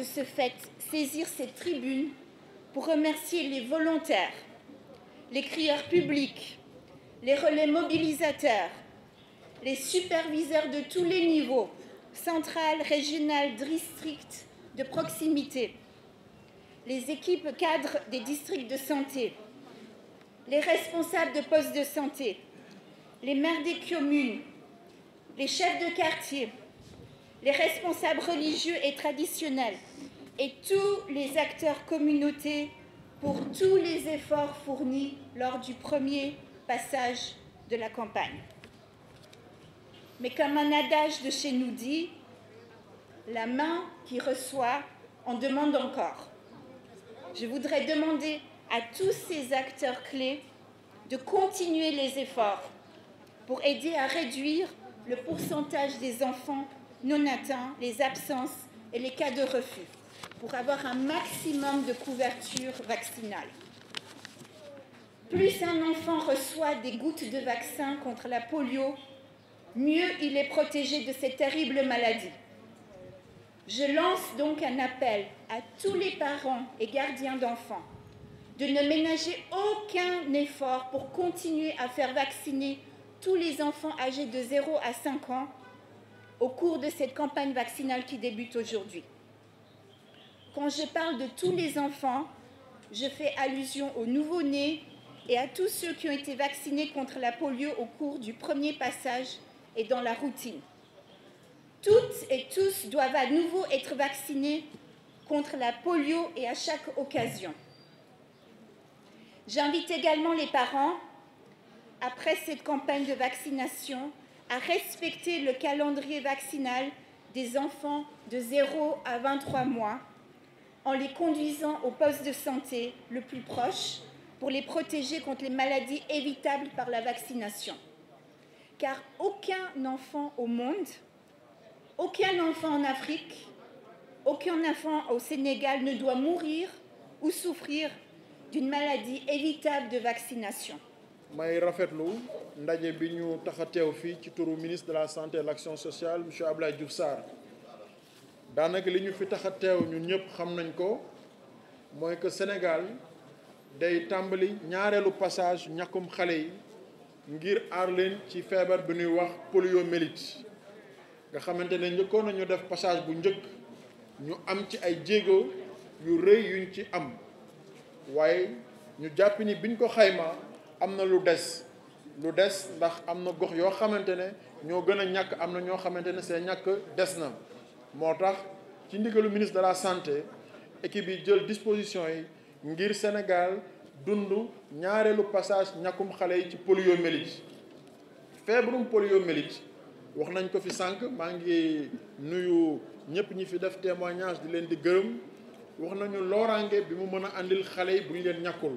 de ce fait saisir cette tribune pour remercier les volontaires, les crieurs publics, les relais mobilisateurs, les superviseurs de tous les niveaux, central, régional, district, de proximité, les équipes cadres des districts de santé, les responsables de postes de santé, les maires des communes, les chefs de quartier, les responsables religieux et traditionnels et tous les acteurs communautés pour tous les efforts fournis lors du premier passage de la campagne. Mais comme un adage de chez nous dit, la main qui reçoit en demande encore. Je voudrais demander à tous ces acteurs clés de continuer les efforts pour aider à réduire le pourcentage des enfants non atteints, les absences et les cas de refus, pour avoir un maximum de couverture vaccinale. Plus un enfant reçoit des gouttes de vaccin contre la polio, mieux il est protégé de ces terribles maladies. Je lance donc un appel à tous les parents et gardiens d'enfants de ne ménager aucun effort pour continuer à faire vacciner tous les enfants âgés de à 5 ans au cours de cette campagne vaccinale qui débute aujourd'hui. Quand je parle de tous les enfants, je fais allusion aux nouveau-nés et à tous ceux qui ont été vaccinés contre la polio au cours du premier passage et dans la routine. Toutes et tous doivent à nouveau être vaccinés contre la polio et à chaque occasion. J'invite également les parents, après cette campagne de vaccination, à respecter le calendrier vaccinal des enfants de 0 à 23 mois en les conduisant au poste de santé le plus proche pour les protéger contre les maladies évitables par au monde, aucun enfant en Afrique, aucun au Sénégal ne doit mourir ou de vaccination. may rafetlu ndaje bi ñu tax teew fii ci turu ministre de la santé et de l'action sociale monsieur Abdoulaye Diouf daanaka li ñu fi tax a teew ñun ñëpp xam nañ ko mooy que Sénégal day tàmbali ñaareelu passage ñàkkum xale yi ngir aar ci feebar bi ñuy wax poliomyélite nga xamante ne njëkkoon nañu def passage bu njëkk ñu am ci ay jéego yu rëy yuñ ci am waaye ñu jàpp ni biñ ko xayma am na lu des lu des ndax am na gox yoo xamante ne ñoo gën a ñàkk am na ñoo xamante ne seen ñàkk des na moo tax ci ndigalu ministre de la santé équipe yi jël disposition yi ngir Sénégal dund ñaareelu passage ñàkkum xale yi ci poliomyélite feebarum poliomyélite wax nañ ko fi sànq maa ngi nuyu ñëpp ñi fi def témoignage di leen di gërëm wax nañu looraange bi mu mën a àndil xale yi bu ñu leen ñàkkul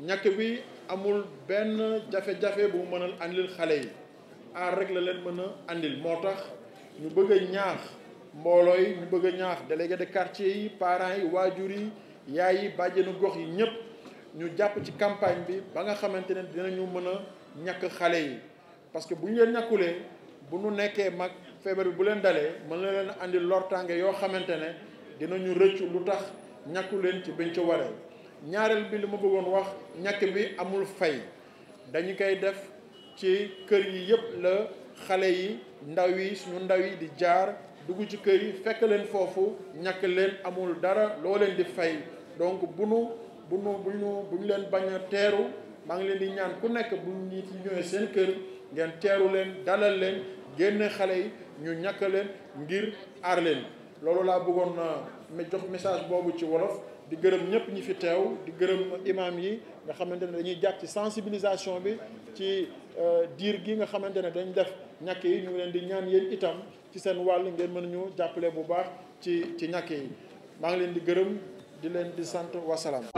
ñàkk bi amul benn jafe-jafe bu mu mënal andil xale yi aar rek la leen mën a andil moo tax ñu bëgg ñaax mbooloo yi ñu bëgg a ñaax délégué de quartier yi parents yi waajur yi yaay yi bàjjenu gox yi ñëpp ñu jàpp ci campagne bi ba nga xamante ne dinañu mën a ñàkk xale yi parce que bu ñu leen ñàkkulee bu ñu nekkee mag feebar bi bu leen dalee mën la leen andil lortaange yoo xamante ne dinañu rëccu lu tax ñàkku leen ci biñ ci waree ñaareel bi li ma bëggoon wax ñàkk bi amul fay dañu koy def ci kër yi yëpp la xale yi ndaw yi suñu ndaw yi di jaar dugg ci kër yi fekk leen foofu ñàkk leen amul dara loo leen di fay donc bu nu bu nu bu leen bañ a teeru maa ngi leen di ñaan ku nekk bu nit yi ñëwee seen kër ngeen teeru leen dalal leen génne xale yi ñu ñàkk leen ngir aar leen loolu laa bëggoon na euh, jox message boobu ci wolof di gërëm ñëpp ñi fi teew di gërëm imam yi nga xamante ne dañuy jàpp ci sensibilisation bi ci euh, diir gi nga xamante ne dañ def ñàkk yi ñu leen di ñaan yéen itam ci seen wàll ngeen mën ñu jàppale bu baax ci ci ñàkk yi maa ngi leen di gërëm di leen di sant wasalaam.